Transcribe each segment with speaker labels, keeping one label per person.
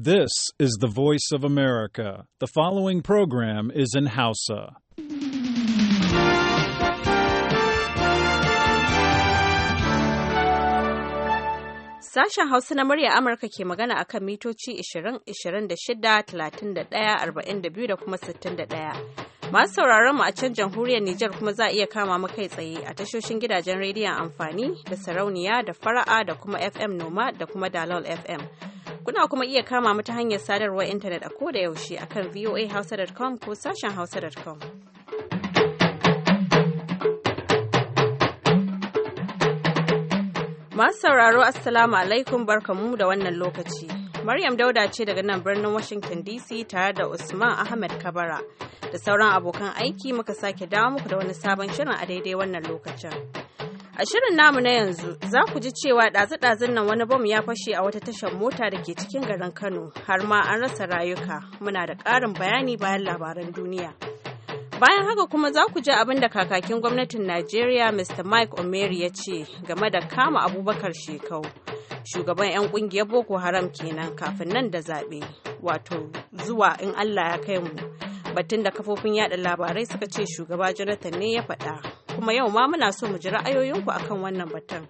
Speaker 1: This is the voice of America. The following program is in Hausa.
Speaker 2: Sashen Hausa na murya Amurka ke magana a kan mitoci 20, 26, 31, 42 da kuma 61. Masu sauraron mu a can jamhuriyar Nijar kuma za a iya kama mu kai tsaye a tashoshin gidajen rediyon amfani da sarauniya da fara'a da kuma FM Noma da kuma Dalol FM. Kuna kuma iya kama mu hanyar sadarwar intanet a koda yaushe akan voahausa.com ko sashen hausa.com. Masu sauraro Assalamu alaikum barkamu da wannan lokaci. Maryam Dauda ce daga nan birnin Washington DC tare da Usman Ahmed Kabara da sauran abokan aiki muka sake dawo muku da wani sabon shirin a daidai wannan lokacin. A shirin namu na yanzu za ku ji cewa ɗazu-ɗazun nan wani bom ya fashe a wata tashar mota da ke cikin garin Kano har ma an rasa rayuka. Muna da ƙarin bayani bayan labaran duniya. Bayan haka kuma za ku ji abin da kakakin gwamnatin Najeriya Mr. Mike Omeri ya ce game da kama abubakar shekau. Shugaban 'yan ƙungiyar Boko Haram kenan kafin nan da zaɓe, wato zuwa in Allah ya kai mu. Batun da kafofin yada labarai suka ce shugaba Jonathan ne ya faɗa. kuma yau ma muna so mu ji ra'ayoyinku akan wannan batun.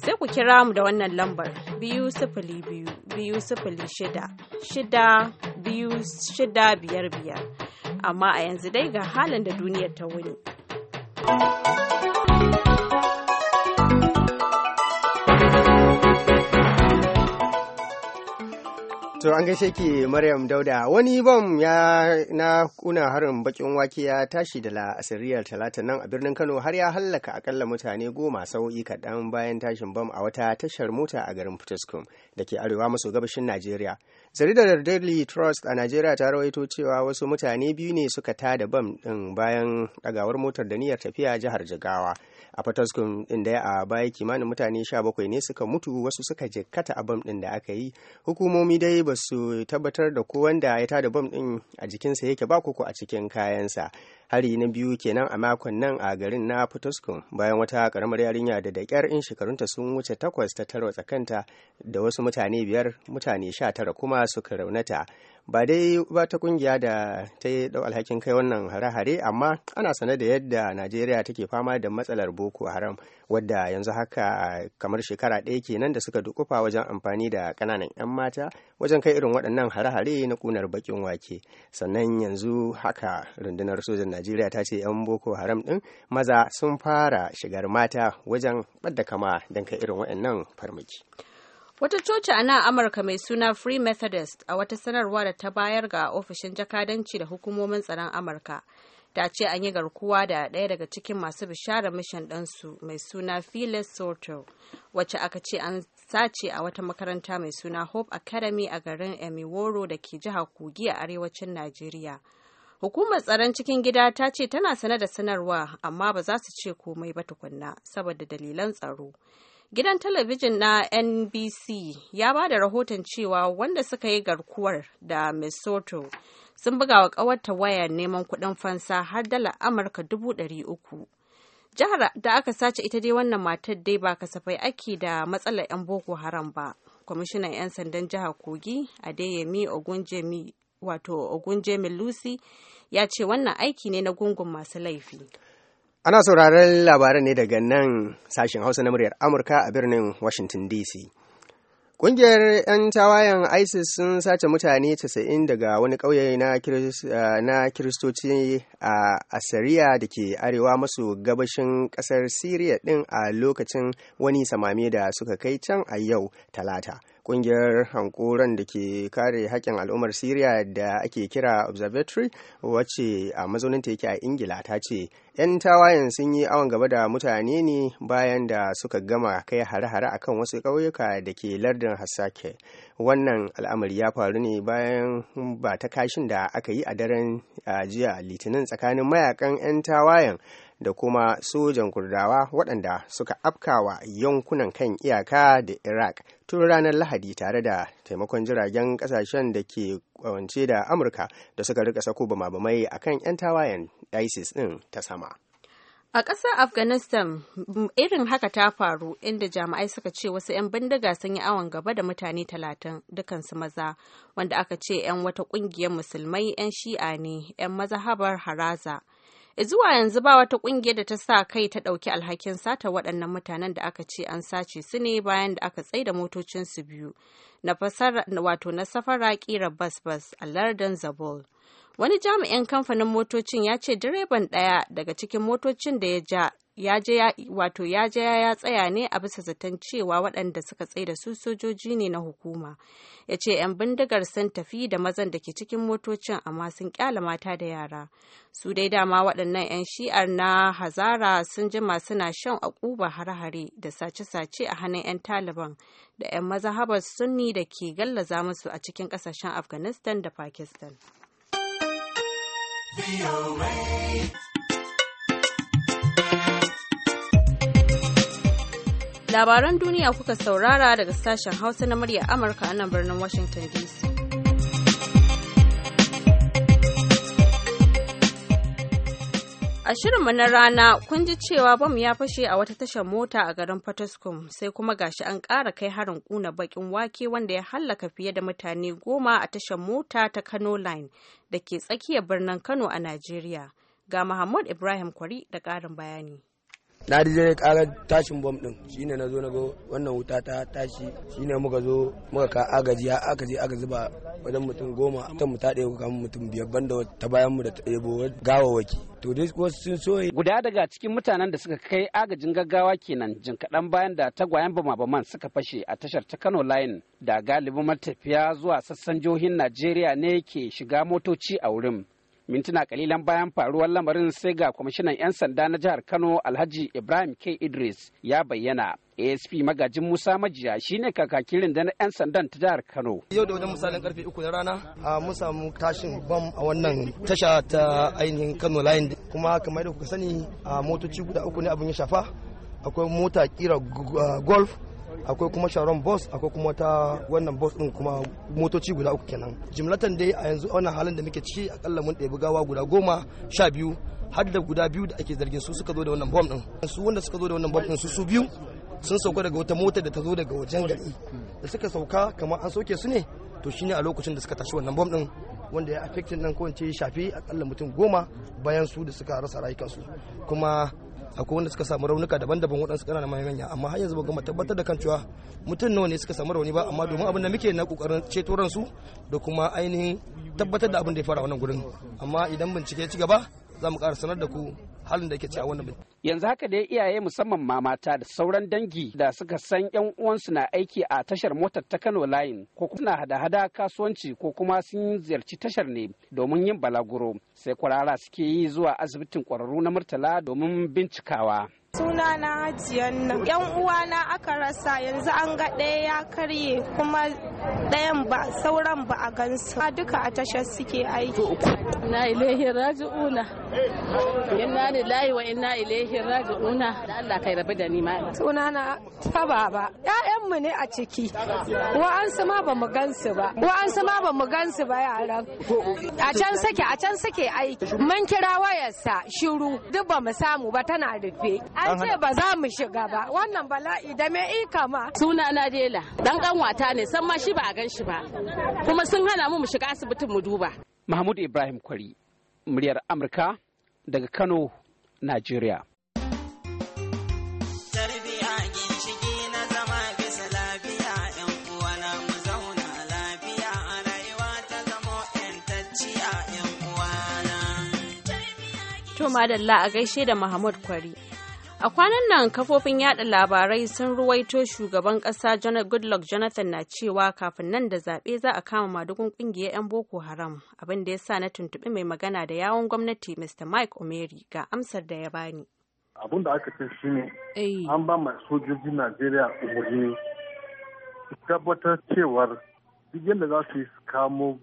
Speaker 2: Sai ku kira mu da wannan lambar biyu sifili biyu biyu sifili shida shida biyu shida biyar biyar. Amma a yanzu dai ga halin da duniyar ta wuni.
Speaker 3: To an gaishe ki Maryam Dauda wani bom ya na kuna harin bakin wake ya tashi da la'asiriyar talata nan a birnin Kano har ya hallaka akalla mutane goma sau'i kaɗan bayan tashin bom a wata tashar mota a garin Potoskum da ke arewa maso gabashin Najeriya. Jaridar Daily Trust a Najeriya ta rawaito cewa wasu mutane biyu ne suka tada bam ɗin bayan ɗagawar motar da niyyar tafiya jihar Jigawa. a fataskun din da a baya kimanin mutane 17 ne suka mutu wasu suka jikkata a bam din da aka yi hukumomi dai ba su tabbatar da ko wanda ya tada bam din a jikinsa yake ba koko a cikin kayansa hari na biyu kenan a makon nan a garin na Potoskum bayan wata karamar yarinya da dakyar in shekarunta sun wuce takwas ta tarwa kanta da wasu mutane biyar mutane sha tara kuma suka raunata ba dai ba ta kungiya da ta yi dau alhakin kai wannan hare-hare amma ana sane da yadda najeriya take fama da matsalar boko haram wadda yanzu haka kamar shekara ɗaya kenan da suka dukufa wajen amfani da ƙananan 'yan mata wajen kai irin waɗannan hare-hare na kunar baƙin wake sannan yanzu haka rundunar sojan najeriya ta ce 'yan boko haram ɗin maza sun fara shigar mata wajen ɓadda kama don kai irin waɗannan farmaki
Speaker 2: Wata coci a nan Amurka mai suna Free Methodist a wata sanarwa da ta bayar ga ofishin jakadanci da hukumomin tsaron Amurka. Ta ce an yi garkuwa da ɗaya daga cikin masu bishara mishan ɗansu mai suna Phyllis Soto, wacce aka ce an sace a wata makaranta mai suna Hope Academy a garin Emiworo da ke jihar Kogi a arewacin Najeriya. Hukumar tsaron cikin gida ta ce tana sane da sanarwa amma ba za su ce komai ba tukunna saboda dalilan tsaro. Gidan talabijin na NBC ya ba da rahoton cewa wanda suka yi garkuwar da Minnesota sun buga wa kawarta waya neman kudin fansa har dala Amurka dubu dari uku. Jihar da aka sace ita dai wannan matar dai ba kasafai ake da matsalar 'yan Boko Haram ba. Kwamishinan 'yan sandan jihar Kogi Adeyemi Ogunjemi wato ogunje lucy ya ce wannan aiki ne na gungun masu laifi
Speaker 3: ana sauraron labaran ne daga nan sashen hausa na muryar amurka a birnin washington dc Ƙungiyar 'yan tawayen ISIS sun sace mutane 90 daga wani ƙauye eh, na Kiristoci a Asiriya da ke arewa masu gabashin ƙasar Siriya ɗin a lokacin wani samame da suka kai can a yau Talata. kungiyar hankoran da ke kare haƙƙin al'ummar syria da ake kira observatory wacce a mazauninta yake a ingila ta ce 'yan tawayen sun yi awon gaba da mutane ne bayan da suka gama kai hare-hare akan wasu ƙauyuka da ke lardin Hasake, wannan al'amari ya faru ne bayan ba ta kashin da aka yi a daren jiya litinin tsakanin mayakan 'yan tawayen da kuma sojan kurdawa waɗanda suka afkawa yankunan kan iyaka da iraq tun ranar lahadi tare da taimakon jiragen kasashen da ke kwance da amurka da suka rika sako bama-bamai a kan 'yan tawayen isis ɗin ta sama
Speaker 2: a ƙasar afghanistan irin haka ta faru inda jami'ai suka ce wasu 'yan bindiga sun yi awon gaba da mutane talatin dukansu maza wanda aka ce 'yan wata ƙungiyar musulmai 'yan shi'a ne 'yan mazahabar haraza zuwa yanzu ba wata kungiyar da ta sa kai ta ɗauki alhakin sata waɗannan mutanen da aka ce an sace su ne bayan da aka tsaida motocinsu biyu na wato na safara ƙira bas bas a lardin zabol wani jami'in kamfanin motocin ya ce direban ɗaya daga cikin motocin da ya ja ya je wato ya je ya tsaya ne a bisa zaton cewa waɗanda suka tsaye da su sojoji ne na hukuma ya ce 'yan bindigar sun tafi da mazan da ke cikin motocin amma sun kyala mata da yara su dai dama waɗannan 'yan shi'ar na hazara sun jima suna shan akuba hare-hare da sace-sace a hannun 'yan taliban da 'yan mazahabar sunni da ke gallaza musu a cikin kasashen afghanistan da pakistan labaran duniya kuka saurara daga sashen hausa na murya amurka a nan birnin washington dc a shirinmu na rana kun ji cewa bam ya fashe a wata tashar mota a garin Fataskum sai kuma gashi an ƙara kai harin ƙuna bakin wake wanda ya hallaka fiye da mutane goma a tashar mota ta Kano Line da ke tsakiyar birnin Kano a Najeriya. Ga Mahmud Ibrahim Kwari da ƙarin bayani.
Speaker 4: na da zai karar tashin bom din shine na zo na ga wannan wuta ta tashi shine muka zo muka ka agaji ya aka je aka zuba wajen mutum goma
Speaker 5: ta mu ta ɗaya kamar mutum biyar banda ta bayan mu da ta ɗebo gawawaki to dai ko sun so guda daga cikin mutanen da suka kai agajin gaggawa kenan jin kaɗan bayan da tagwayen bama-baman suka fashe a tashar ta Kano Line da galibin matafiya zuwa sassan jihohin Najeriya ne ke shiga motoci a wurin mintuna kalilan bayan faruwar lamarin sai ga kwamishinan 'yan sanda na jihar kano alhaji ibrahim k idris ya bayyana asp magajin musa majiya shine kakakin rundunar 'yan sandan ta jihar kano yau da wajen misalin karfe uku na rana a
Speaker 4: mun samu tashin bam a wannan tasha ta ainihin kano layin kuma kamar da kuka sani a motoci guda uku ne abin ya shafa akwai mota kira golf akwai kuma sharon bus akwai kuma ta wannan bus din kuma motoci guda uku kenan jimlatan dai a yanzu wannan halin da muke ciki akalla mun ɗebi gawa guda goma sha biyu har da guda biyu da ake zargin su suka zo da wannan bom din su wanda suka zo da wannan bom din su su biyu sun sauka daga wata mota da ta zo daga wajen gari da suka sauka kamar an soke su ne to shine a lokacin da suka tashi wannan bom din wanda ya affecting din ko in ce shafi akalla mutum goma bayan su da suka rasa rayukansu kuma akwai wanda suka samu raunuka daban-daban waɗansu ƙananan manya amma har yanzu ba gama tabbatar da kan cewa mutum nawa ne suka samu rauni ba amma domin abin da muke na ƙoƙarin ceto ransu da kuma ainihin tabbatar da abin da ya fara wannan gurin amma idan bincike ci gaba za mu ƙara sanar da ku halin
Speaker 5: da ke ci a wannan yanzu haka dai iyaye musamman ma mata da sauran dangi da suka san yan uwansu na aiki a tashar motar ta Kano Line ko kuma hada-hada kasuwanci ko kuma sun ziyarci tashar ne domin yin balaguro sai kwarara suke yi zuwa asibitin kwararru na Murtala domin bincikawa
Speaker 2: suna na hajiyar nan yan uwana aka rasa yanzu an ga ɗaya ya karye kuma ɗayan ba sauran ba a gansu a duka a tashar suke aiki na ilaihi raji'una inna lillahi wa inna ilaihi raji'una da Allah kai rabu da ni ma suna na ta ba ƴaƴan mu ne a ciki wa'ansu ma ba mu gansu ba wa'ansu ma ba mu gansu ba yaran a can suke a can suke aiki mun kira wayarsa shiru duk ba mu samu ba tana rufe an ce ba za mu shiga ba wannan bala'i da me ika ma suna na dela dan ƙanwata ne san ma shi ba a gan shi ba kuma sun hana mu mu shiga asibitin mu duba
Speaker 5: mahmud ibrahim kwari muryar amurka daga kano najeriya
Speaker 2: To madalla a gaishe da Mahmud Kwari. A kwanan nan kafofin yada labarai sun ruwaito shugaban kasa Goodluck Jonathan na cewa kafin nan da zaɓe za a kama madugun kungiyar 'yan Boko Haram abin da ya sa na tuntuɓi mai magana da yawon gwamnati Mr. Mike Omeri ga amsar da ya bani.
Speaker 6: Abin da aka ce shi ne eh. an ba ma sojojin Najeriya umarni su tabbatar cewar duk yadda za su yi su kamo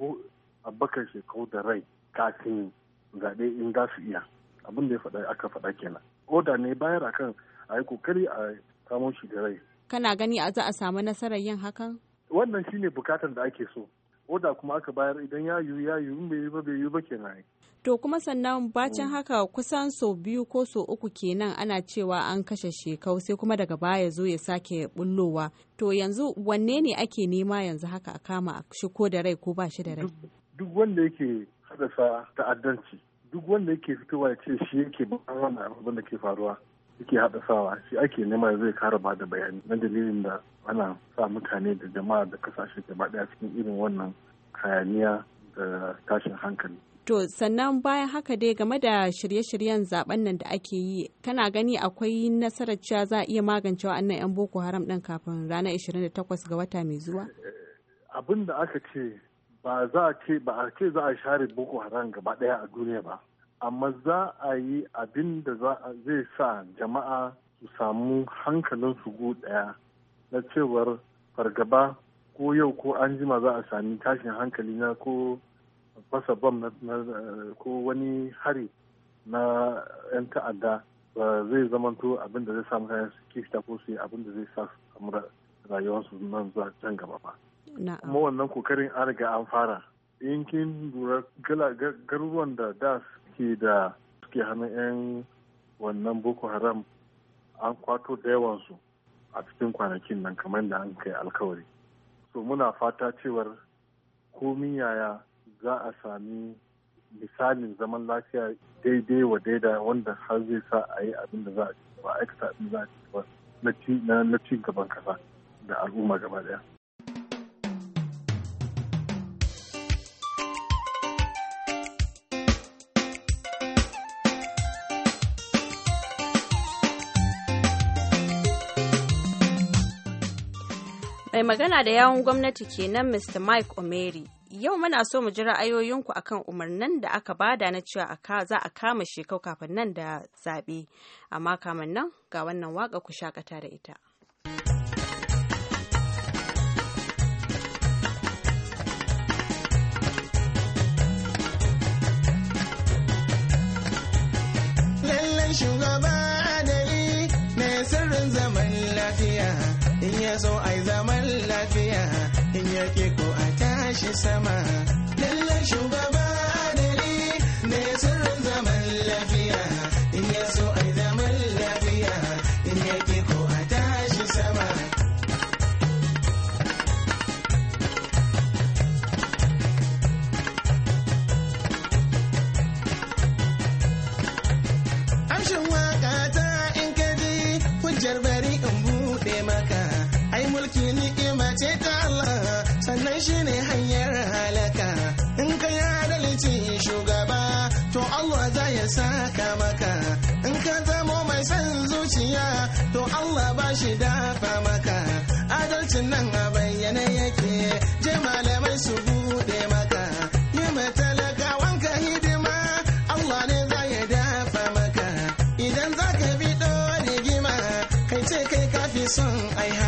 Speaker 6: bakar shekau da rai kafin zaɓe in za su iya abin da ya aka faɗa kenan. oda ne bayar akan a yi kokari a kamo shi da rai
Speaker 2: kana gani a za a samu nasarar yin hakan
Speaker 6: wannan shine bukatar da ake so oda kuma aka bayar idan ya yiwu ya yiwu bai yi ba bai yi ba ke nai.
Speaker 2: to kuma sannan bacin mm. haka kusan so biyu ko so uku kenan ana cewa an kashe shekau sai kuma daga baya zo ya sake bullowa to yanzu wanne ne ake nema yanzu haka a kama shi ko da rai ko ba shi da rai
Speaker 6: duk wanda yake hadasa ta'addanci duk wanda yake fitowa ya ce shi yake bayan abin da ke faruwa yake sawa shi ake nema zai kara ba da bayani na dalilin da ana sa mutane da jama'a da kasashe gaba ɗaya cikin irin wannan hayaniya da tashin hankali.
Speaker 2: To sannan bayan haka dai game da shirye-shiryen zaben nan da ake yi kana gani akwai nasarar cewa za a iya magance wa'annan 'yan boko haram ɗin kafin ranar 28 ga wata mai zuwa?
Speaker 6: Eh, abinda aka ce ba za a ce ba a ce za a share boko haram gaba daya a duniya ba amma za a yi abin da zai sa jama'a su samu hankalin su gu daya na cewar fargaba ko yau ko an jima za a sami tashin hankali na ko fasa bam ko wani hari na 'yan ta'adda ba zai zamanto abin da zai sa mutane su fita ko su yi abin da zai sa su samu rayuwarsu nan zuwa can gaba ba. kuma wannan kokarin an riga an fara yankin lura garuruwan da da suke da suke hannun 'yan wannan boko haram an kwato da yawansu a cikin kwanakin nan kamar da an kai alkawari so muna fata cewar komi yaya za a sami misalin zaman lafiya daidai wa daida wanda har zai sa a yi abin da za a ba aikata abin za a ci na ci gaban kasa da al'umma gaba daya
Speaker 2: Mai magana da yawun gwamnati kenan Mr. Mike Omeri. Yau muna so mu ji ra'ayoyinku akan umarnin da aka bada na cewa za a kama shekau kafin nan da zaɓe. Amma kamar nan ga wannan waka ku shakata da ita.
Speaker 1: Lallai shugaba adali ne sirrin zaman lafiya in ya a yake ko a tashi sama. Lallan shugaba. shi dafa maka adalcin nan a bayyane yake je malamai su bude maka yi matalaka wanka hidima Allah ne za ya dafa maka idan za ka bi rigima kai ce kai kafi son aiha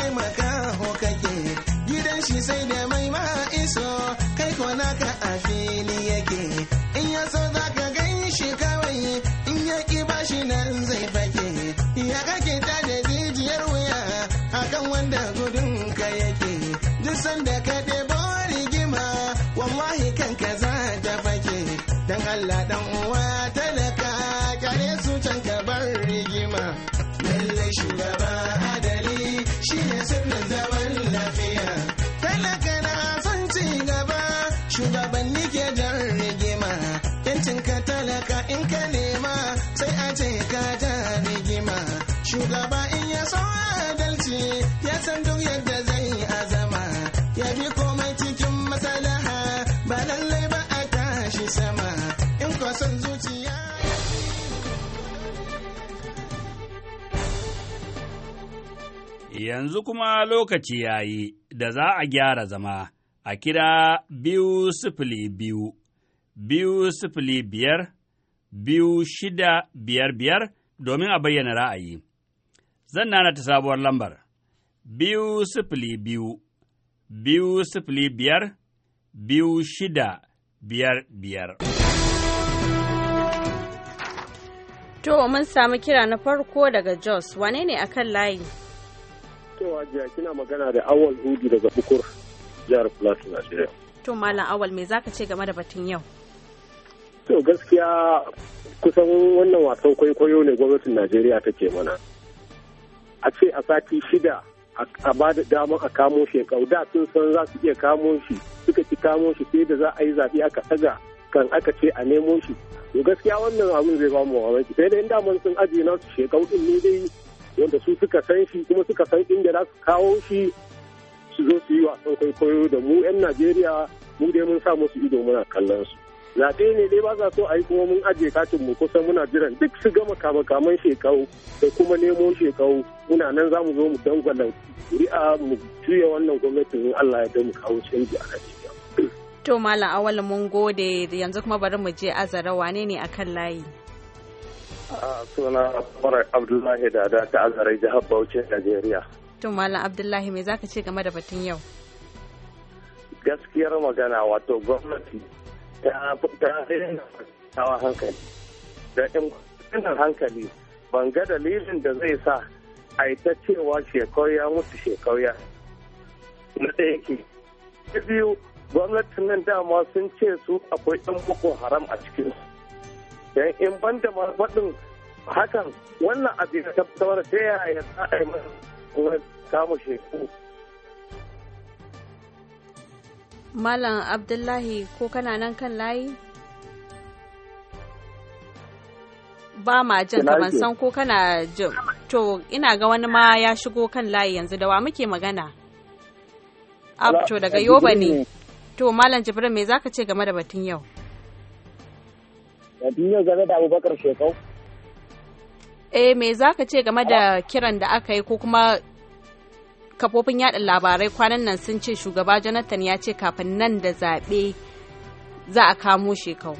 Speaker 1: taimaka ho kake gidan shi sai da mai ma iso kai ko naka a fili yake in ya so
Speaker 7: Yanzu kuma lokaci ya yi da za a gyara zama a kira biyu sifili biyu, biyu sifili biyar, biyu shida biyar biyar domin a bayyana ra'ayi. Zan nana ta sabuwar lambar, biyu sifili biyu, biyu sifili biyar, biyu shida biyar biyar.
Speaker 2: To, mun samu kira na farko daga Jos, wane ne kan layi?
Speaker 7: To jiya kina magana da Awal Hudu daga Bukur jihar Plateau Najeriya.
Speaker 2: To Malam Awal me zaka ce game da batun yau?
Speaker 7: To gaskiya kusan wannan wasan kwaikwayo ne gwamnatin Najeriya ke mana. A ce a sati shida a ba da dama a kamo shi da sun san za su iya kamo shi suka ci kamo shi sai da za a yi zaɓe aka ɗaga kan aka ce a nemo shi to gaskiya wannan abin zai ba mu mamaki sai da in mun sun ajiye nasu shekau ɗin ne dai wanda su suka san shi kuma suka san inda za su kawo shi su zo su yi wasan kwaikwayo da mu 'yan najeriya mu dai mun sa musu ido muna kallon su zaɓe ne dai ba sa so a yi kuma mun ajiye katin mu kusan muna jiran duk su gama kama-kaman shekau da kuma nemo shekau muna nan za mu zo mu dangwala ri'a mu juya wannan gwamnatin Allah ya da mu kawo canji a Najeriya.
Speaker 2: To Malam Awal mun gode yanzu kuma bari mu je azara wane ne a kan layi?
Speaker 7: Ah, suna Umar Abdullahi Dada ta Azare jihar Bauchi Najeriya.
Speaker 2: To Malam Abdullahi me zaka ce game da batun yau?
Speaker 7: Gaskiyar magana wato gwamnati ta ta hankali. Da in hankali ban ga dalilin da zai sa a yi ta cewa shekauya ya mutu shekau ya na ɗaya ke. Ta biyu gwamnatin nan dama sun ce su akwai ɗan boko haram a cikinsu. dan in ban da faɗin hakan wannan abin da tabbatar ta yaya za a yi masa kamun shekaru
Speaker 2: Malam Abdullahi ko kana nan kan layi? Ba ma jin ka ban san ko kana jin. To ina ga wani ma ya shigo kan layi yanzu da wa muke magana. Abto daga Yoba ne. To Malam Jibrin me zaka ce game da batun yau?
Speaker 7: Yanzu yau game da Abubakar Shekau.
Speaker 2: Eh me za ka ce game da kiran da aka yi ko kuma kafofin yada labarai kwanan nan sun ce shugaba Jonathan ya ce kafin nan da zaɓe za a kamo shekau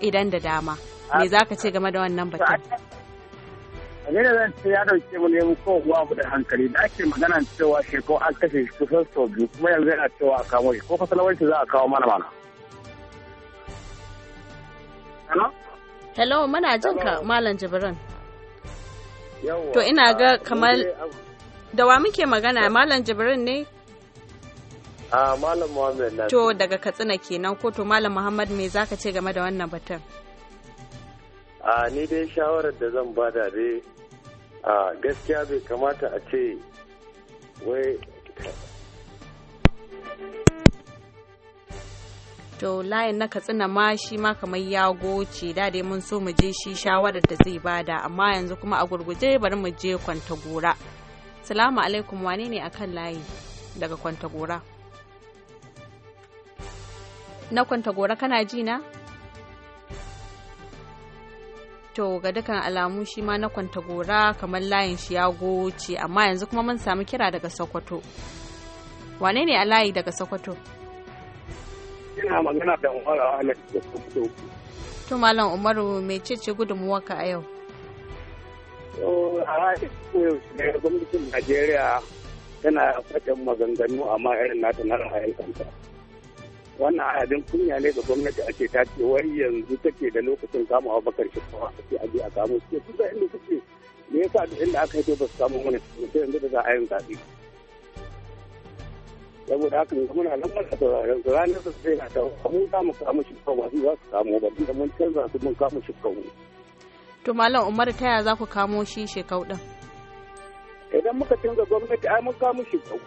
Speaker 2: idan da dama. Me za ka ce game da wannan batun?
Speaker 7: Abin da zan ce ya dauke mu nemi kowa mu da hankali da ake magana cewa shekau an kashe shi kusan sau biyu kuma yanzu yana cewa a kamo shi ko fasalawanci za a kawo mana mana.
Speaker 2: hello muna jin ka malam jibrin to ina ga ah, kamar um, da wa muke magana malam jibrin ne
Speaker 7: a ah, malam muhammad to
Speaker 2: daga katsina kenan ko to malam muhammad me zaka ce game da wannan batun
Speaker 7: a ah, ni dai shawarar da zan bada dai a gaskiya bai kamata a ce wai
Speaker 2: to layin na katsina ma shi ma kamar ya goce da dai mun so mu je shi shawarar da zai bada amma yanzu kuma a gurguje bari mu je kwanta gora salamu alaikum wane ne akan layi daga kwanta gora na kwanta gora kana ji na to ga dukan alamu shi ma na kwanta gora kamar layin shi ya goce amma yanzu kuma mun samu kira daga sokoto wane ne a layi daga sokoto
Speaker 7: ina magana da umaru ahmed da kuma
Speaker 2: to malam umaru mai cece gudunmuwarka a yau
Speaker 7: a ne gwamnatin najeriya tana fadin maganganu a irin nata na ra'ayin kanta wannan abin kunya ne ga gwamnati ake ta ce wai yanzu take da lokacin a bakar shi kuma ake aje a kamo su ke kusa inda suke me yasa da inda aka yi ba su samu wani sai yanzu da za a yin zaɓe saboda haka ne muna nan muna sauraron su ranar su sai na ta mu za mu kama shi kawo wasu za su kamo ba da mun canza su mun kama shi kawo.
Speaker 2: to malam umar ta yaya za ku kamo shi shekau din. idan muka canza gwamnati ai mun kamo shi kawo.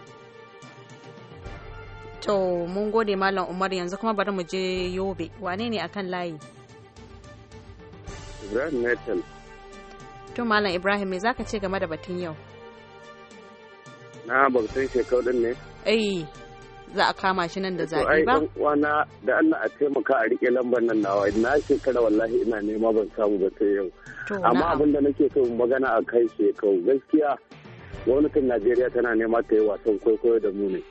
Speaker 2: to mun gode malam umar yanzu kuma bari mu je yobe wane ne akan layi.
Speaker 7: ibrahim metal.
Speaker 2: to malam ibrahim me zaka ce game da batun yau.
Speaker 7: na batun shekau din ne.
Speaker 2: Ai za a kama shi nan da zaɓi ba?
Speaker 7: wana da Allah a taimaka a riƙe lambar nan nawa na shekara wallahi ina nema ban samu ba sai yau. Amma abin da nake so magana a kai shekau gaskiya gwamnatin Najeriya tana nema ta yi wasan kwaikwayo da mu ne.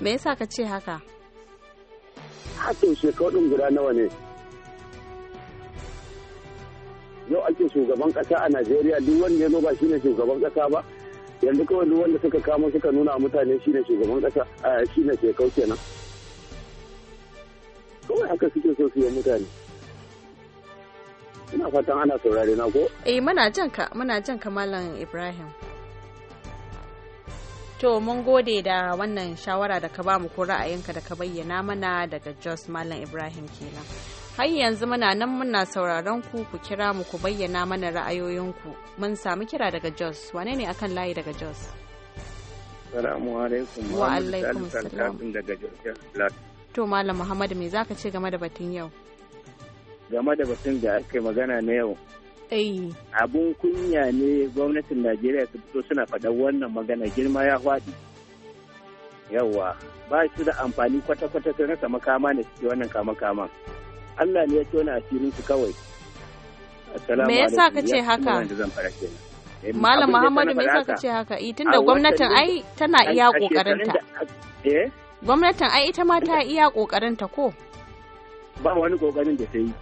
Speaker 2: Me yasa ka ce haka?
Speaker 7: Hakin shekau ɗin guda nawa ne. Yau ake shugaban ƙasa a Najeriya duk wanda ya zo ba shine shugaban ƙasa ba. yanzu kawai duk wanda suka kamo suka nuna mutane shi ne shugaban kasa shi ne kauce nan kawai haka suke so su yi mutane ina fatan ana saurare na ko
Speaker 2: eh muna jan ka muna jan ka malam ibrahim to mun gode da wannan shawara da ka bamu ko ra'ayinka da ka bayyana mana daga jos malam ibrahim kenan Har yanzu muna nan muna sauraron ku ku kira mu ku bayyana mana ra'ayoyinku. Mun samu kira daga Jos. Wane ne akan layi daga Jos?
Speaker 7: salamu alaikum. Wa alaikum salam. daga Jos.
Speaker 2: To Malam Muhammad me zaka ce game da batun yau?
Speaker 7: Game da batun da aka magana na yau. Abun kunya ne gwamnatin Najeriya su fito suna fada wannan magana girma ya faɗi. Yawwa, ba su da amfani kwata-kwata sun rasa makama da suke wannan kama-kama. Allah ne ya wani asirin su kawai me yasa ka ce haka eh, Malam Muhammadu me yasa ka ce haka
Speaker 2: eh tunda gwamnatin ai tana iya kokarinta eh? gwamnatin ai ita ma ta iya kokarinta ko
Speaker 7: ba wani kokarin da ta yi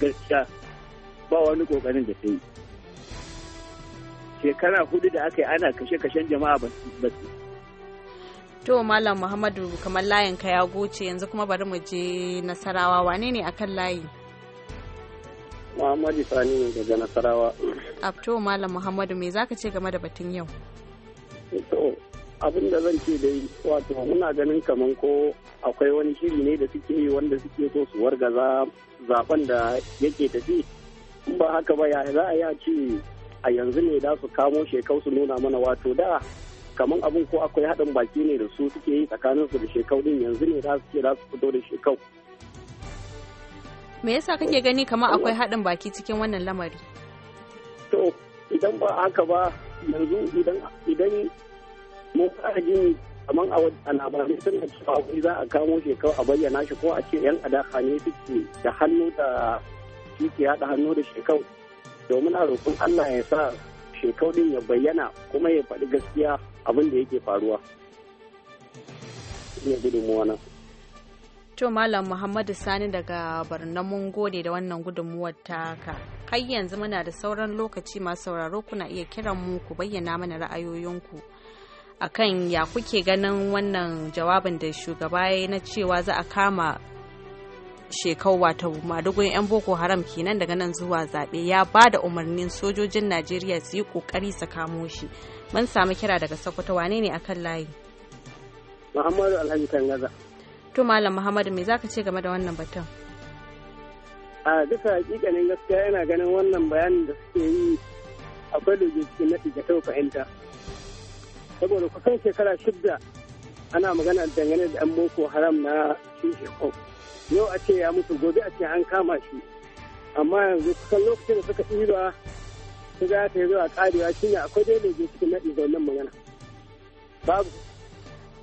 Speaker 7: gaskiya ba wani kokarin da ta yi shekara hudu da aka yi ana kashe-kashen jama'a ba
Speaker 2: To Malam Muhammadu kamar layin ka ya goce yanzu kuma bari mu je Nasarawa wane ne akan layi?
Speaker 7: Muhammadu Sani ne daga Nasarawa.
Speaker 2: Abto Malam Muhammadu me zaka ce game da batun yau?
Speaker 7: To abin da zan ce dai wato muna ganin kamar ko akwai wani shiri ne da suke yi wanda suke so su wargaza zaben da yake tafi. ba haka ba ya za a yi ce a yanzu ne za su kamo shekau su nuna mana wato da kamar abin ko akwai haɗin baki ne da su suke yi tsakanin su da shekau din yanzu ne za su ce za su fito da shekau
Speaker 2: me yasa kake gani kamar akwai haɗin baki cikin wannan lamari to idan
Speaker 7: ba haka ba yanzu idan idan mun fara jin kamar a labarai suna cewa wani za a kamo shekau a bayyana shi ko a ce yan adaka ne suke da hannu da suke haɗa hannu da shekau domin a roƙon Allah ya sa shekau din ya bayyana kuma ya faɗi gaskiya abin da yake faruwa ne gudunmuwa nan
Speaker 2: to malam muhammadu sani daga barna mun gode da wannan gudunmuwar taka har yanzu muna da sauran lokaci masu sauraro kuna iya kiran mu ku bayyana mana ra'ayoyinku akan ya kuke ganin wannan jawabin da shugaba ya na cewa za a kama shekau wato madugun 'yan boko haram kenan daga nan zuwa zaɓe ya ba da umarnin sojojin najeriya su yi ƙoƙari su kamo shi mun samu kira daga sakwata wane ne akan layi
Speaker 7: muhammadu alhaji gaza.
Speaker 2: to malam muhammadu me zaka ce game da wannan batun
Speaker 7: a duka hakikanin gaskiya yana ganin wannan bayanin da suke yi akwai da jikin na ta fahimta saboda kusan shekara shidda ana magana dangane da 'yan boko haram na shi shekau yau a ce ya mutu gobe a ce an kama shi amma yanzu kusan lokacin da suka tsira su ga ta zuwa karewa shine akwai dai lauje cikin naɗi da wannan magana babu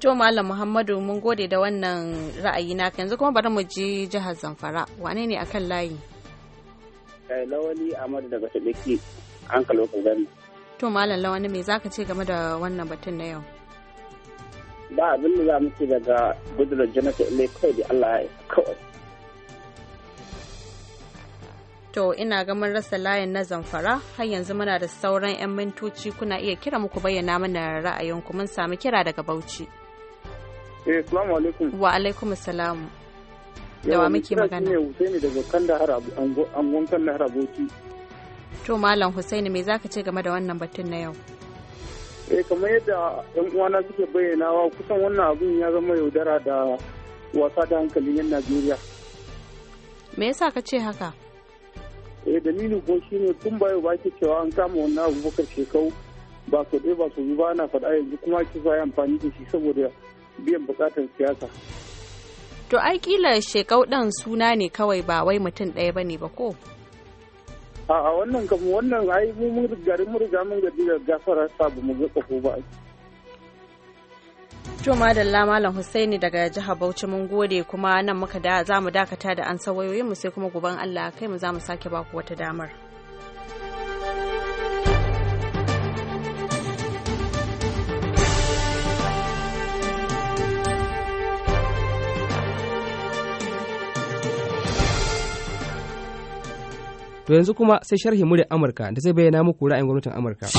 Speaker 2: to malam muhammadu mun gode da wannan ra'ayi na yanzu kuma bari mu ji jihar zamfara wane ne akan layi
Speaker 7: Kai eh, lawali amadu daga sadiki an kalo
Speaker 2: to malam lawani me zaka ce game da wannan batun na yau
Speaker 7: ba abin da za mu ce daga gudunar janata ilai kawai da Allah ya kawai.
Speaker 2: To ina ga mun rasa layin na zamfara har yanzu muna da sauran 'yan mintoci kuna iya kira muku bayyana mana ra'ayinku mun sami kira daga Bauchi. Eh, salamu alaikum. Wa alaikum salamu. Da wa muke magana? Yawa, Husaini
Speaker 7: daga Kandahar Angon Kandahar Bauchi.
Speaker 2: To Malam Husaini me zaka ce game da wannan batun na yau?
Speaker 7: eh kamar yadda yan uwana suke bayyanawa kusan wannan abin ya zama yaudara da wasa da hankalin yan najeriya
Speaker 2: me yasa ka ce haka
Speaker 7: eh dalili ko shine tun bayo ba ke cewa an kama wannan abubakar shekau ba su dai ba su ba na faɗa yanzu kuma ki ya amfani da shi saboda biyan buƙatar siyasa
Speaker 2: to ai kila shekau ɗan suna ne kawai ba wai mutum ɗaya bane ba ko
Speaker 7: a wannan kamu wannan ai mu mun garin mun riga mun gaji ga gafara sa ba mu ga kafo ba
Speaker 2: To madalla Malam Hussaini daga jihar Bauchi mun gode kuma nan muka da za mu dakata da an wayoyin mu sai kuma guban Allah kai mu za mu sake baku wata damar.
Speaker 8: To yanzu kuma sai sharhi mu da Amurka da zai bayyana muku ra'ayin gwamnatin Amurka.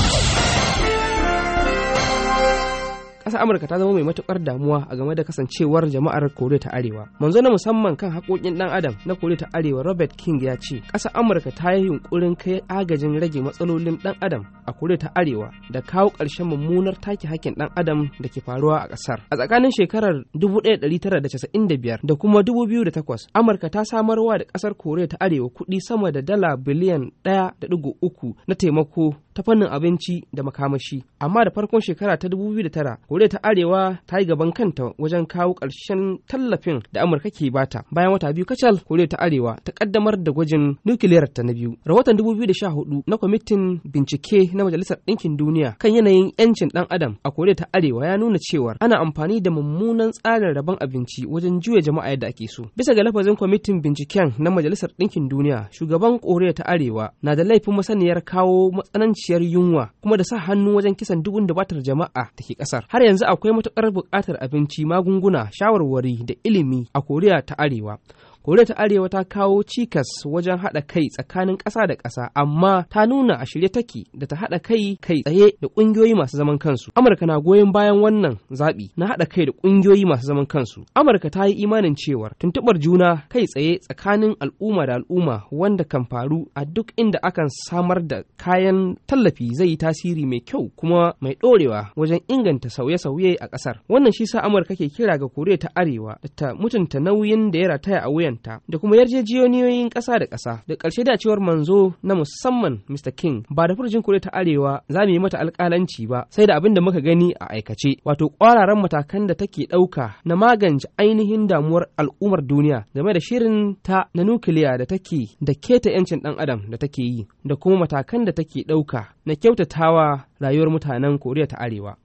Speaker 8: ƙasar amurka ta zama mai matuƙar damuwa a game da kasancewar jama'ar koriya ta arewa manzo na musamman kan haƙoƙin ɗan adam na koriya ta arewa robert king ya ce ƙasar amurka ta yi yunƙurin kai agajin rage matsalolin ɗan adam a koriya ta arewa da kawo ƙarshen mummunar take hakkin ɗan adam da ke faruwa a ƙasar a tsakanin shekarar 1995 da kuma 2008 amurka ta samarwa da ƙasar koriya ta arewa kuɗi sama da dala biliyan 1.3 na taimako ta fannin abinci da makamashi amma da farkon shekara ta tara. koriya ta arewa ta yi gaban kanta wajen kawo ƙarshen tallafin da amurka ke bata bayan wata biyu kacal koriya ta arewa ta kaddamar da gwajin nukiliyar ta na biyu rahoton 2014 na kwamitin bincike na majalisar ɗinkin duniya kan yanayin 'yancin ɗan adam a koriya ta arewa ya nuna cewa ana amfani da mummunan tsarin rabon abinci wajen juya jama'a yadda ake so bisa ga lafazin kwamitin binciken na majalisar ɗinkin duniya shugaban koriya ta arewa na da laifin masaniyar kawo matsananci matsananciyar yunwa kuma da sa hannu wajen kisan dubun da batar jama'a da ke kasar har yanzu akwai matukar bukatar abinci magunguna shawarwari da ilimi a koriya ta arewa koriya ta arewa ta kawo cikas wajen haɗa kai tsakanin ƙasa da ƙasa amma ta nuna a shirye take da ta haɗa kai kai tsaye da ƙungiyoyi masu zaman kansu amurka na goyon bayan wannan zaɓi na haɗa kai da ƙungiyoyi masu zaman kansu amurka ta yi imanin cewa tuntuɓar juna kai tsaye tsakanin al'umma da al'umma wanda kan faru a duk inda akan samar da kayan tallafi zai yi tasiri mai kyau kuma mai ɗorewa wajen inganta sauye-sauye a ƙasar wannan shi sa amurka ke kira ga koriya ta arewa ta mutunta nauyin da ya rataya a wuyan kanta da kuma yarjejeniyoyin ƙasa da ƙasa da ƙarshe da cewar manzo na musamman Mr. King ba da furjin kudi ta arewa za mu yi mata alƙalanci ba sai da abin da muka gani a aikace wato ƙwararan matakan da take ɗauka na magance ainihin damuwar al'ummar duniya game da shirin ta na nukiliya da take da keta 'yancin ɗan adam da take yi da kuma matakan da take ɗauka na kyautatawa rayuwar mutanen Koriya ta Arewa.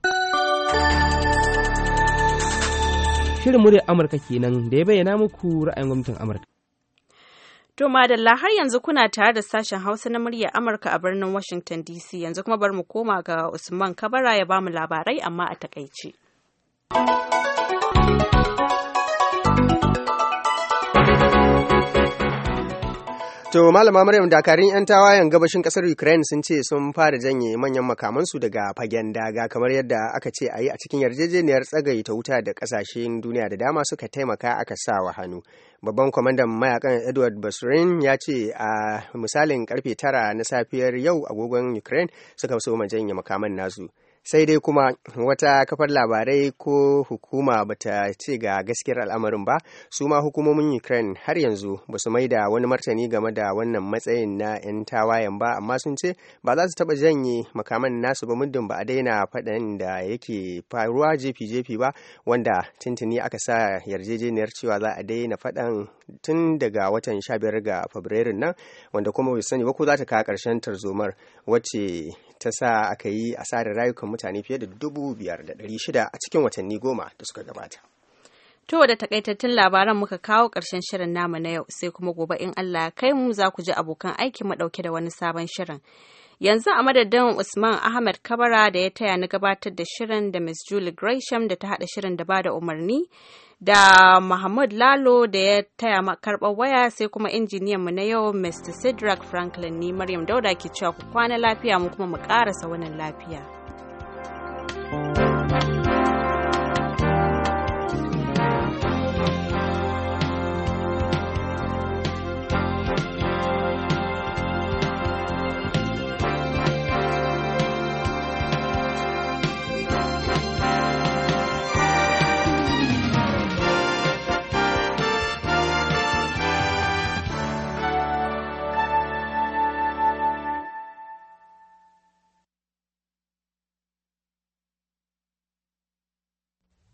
Speaker 8: Shirin muryar Amurka kenan da ya bayyana muku ra'ayin gwamnatin Amurka.
Speaker 2: To madalla har yanzu kuna tare da sashen Hausa na muryar Amurka a birnin Washington DC yanzu kuma bar mu koma ga Usman Kabara ya ba mu labarai amma a takaice.
Speaker 3: To Malama Maryam dakarun 'yan tawayen gabashin ƙasar Ukraine sun ce sun fara janye manyan makamansu daga fagen daga kamar yadda aka ce a yi a cikin yarjejeniyar tsagaita wuta da kasashen duniya da dama suka taimaka aka sa wa hannu. Babban kwamandan mayakan Edward Basurin ya ce a misalin karfe tara na safiyar yau agogon Ukraine suka so janye makaman nasu. sai dai kuma wata kafar labarai ko hukuma bata ce ga gaskiyar al'amarin ba su ma hukumomin ukraine har yanzu ba su mai da wani martani game da wannan matsayin na 'yan tawayen ba amma sun ce ba za su taba janye makaman nasu ba muddin ba a daina faɗan da yake faruwa jefi-jefi ba wanda tuntuni aka sa yarjejeniyar cewa za a daina faɗan tun daga watan 15 ga fabrairun nan wanda kuma bai sani ba ko za ta kawo karshen tarzomar wacce ta sa aka yi asarar rayukan mutane fiye da dubu biyar da ɗari shida a cikin watanni goma da suka gabata.
Speaker 2: To da takaitattun labaran muka kawo ƙarshen shirin namu na yau sai kuma gobe in Allah kai mu za ku ji abokan aiki mu ɗauke da wani sabon shirin. Yanzu a madadin Usman Ahmed Kabara da ya taya na gabatar da shirin da Miss Julie Gresham da ta hada shirin da ba da umarni da Mahmud Lalo da ya taya karɓar waya sai kuma injiniyan mu na yau Mr. Cedric Franklin ni Maryam Dauda ke cewa ku kwana lafiya mu kuma mu ƙarasa wannan lafiya. thank you